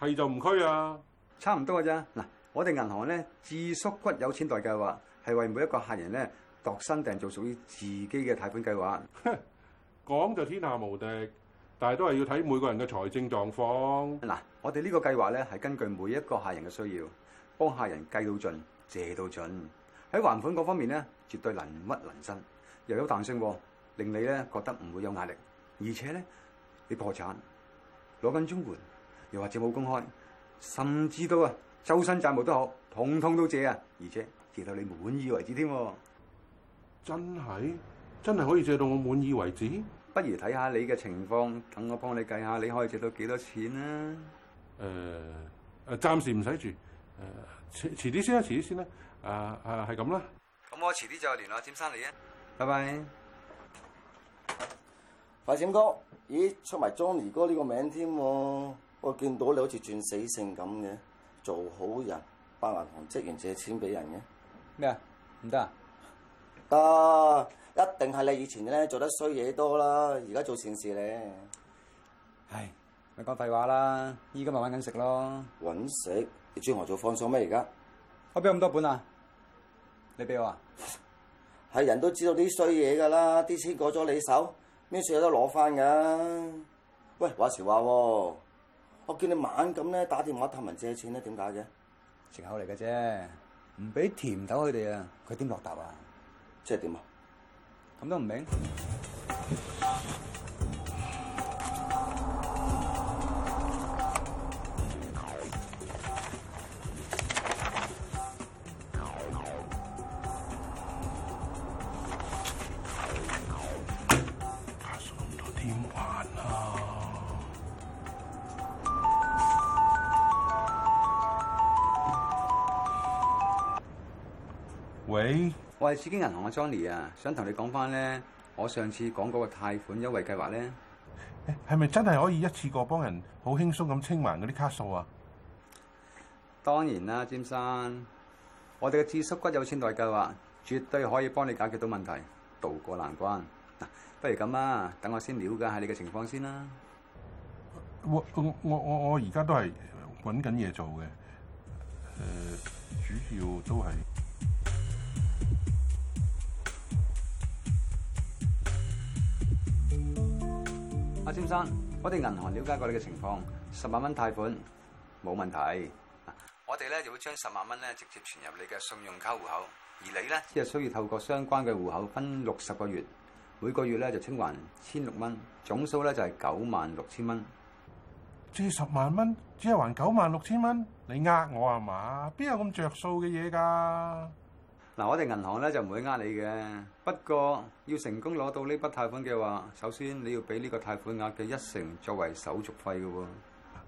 係就唔區啊！差唔多噶啫。嗱、啊，我哋銀行咧，自縮骨有錢貸計劃係為每一個客人咧度身訂做，屬於自己嘅貸款計劃。哼，講就天下無敵，但係都係要睇每個人嘅財政狀況。嗱、啊，我哋呢個計劃咧係根據每一個客人嘅需要，幫客人計到盡，借到盡。喺還款嗰方面咧，絕對能屈能伸，又有彈性，令你咧覺得唔會有壓力。而且咧，你破產攞緊綜援，又或者冇公開，甚至都啊周身債務都好，統通都借啊！而且借到你滿意為止添，真係真係可以借到我滿意為止。不如睇下你嘅情況，等我幫你計下，你可以借到幾多錢啦、啊？誒誒、呃呃，暫時唔使住，誒遲遲啲先啦，遲啲先啦、啊啊啊。啊啊，係咁啦。咁我遲啲再聯絡詹生嚟啊。拜拜。快錢哥，咦，出埋莊尼哥呢個名添、啊？我見到你好似轉死性咁嘅，做好人，扮銀行職員借錢俾人嘅咩啊？唔得啊！啊一定係你以前咧做得衰嘢多啦，而家做善事咧。唉，咪講廢話啦！依家咪揾緊食咯，揾食你專門做放數咩？而家我俾咁多本啊，你俾我啊？係人都知道啲衰嘢㗎啦，啲錢過咗你手，咩事有得攞翻㗎？喂，話時話喎。我見你猛咁咧打電話探人借錢咧，點解啫？借口嚟嘅啫，唔俾甜頭佢哋啊，佢點落答啊？即係點 啊？咁都唔明？喂，我係世紀銀行嘅 Johnny 啊，想同你講翻咧，我上次講嗰個貸款優惠計劃咧，係咪、欸、真係可以一次過幫人好輕鬆咁清還嗰啲卡數啊？當然啦，詹生，son, 我哋嘅智速骨有錢袋計劃絕對可以幫你解決到問題，渡過難關。啊、不如咁啊，等我先了解下你嘅情況先啦。我我我我而家都係揾緊嘢做嘅，誒、呃，主要都係。先生，我哋銀行了解過你嘅情況，十萬蚊貸款冇問題。我哋咧就會將十萬蚊咧直接存入你嘅信用卡戶口，而你咧只係需要透過相關嘅戶口分六十個月，每個月咧就清還千六蚊，總數咧就係九萬六千蚊。借十萬蚊，只係還九萬六千蚊，你呃我啊嘛？邊有咁着數嘅嘢㗎？嗱，我哋銀行咧就唔會呃你嘅。不過要成功攞到呢筆貸款嘅話，首先你要俾呢個貸款額嘅一成作為手續費嘅喎。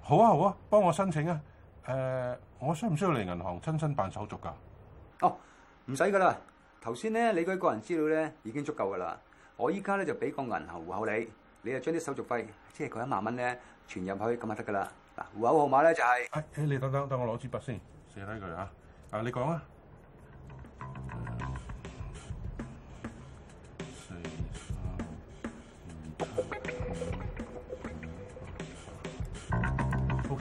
好啊，好啊，幫我申請啊。誒、呃，我需唔需要嚟銀行親身辦手續噶、啊？哦，唔使噶啦。頭先咧，你嗰個個人資料咧已經足夠噶啦。我依家咧就俾個銀行戶口你，你就將啲手續費，即係佢一萬蚊咧存入去咁就得噶啦。嗱，戶口號碼咧就係、是、誒、哎哎，你等等等我攞支筆先寫低佢嚇。啊，你講啊。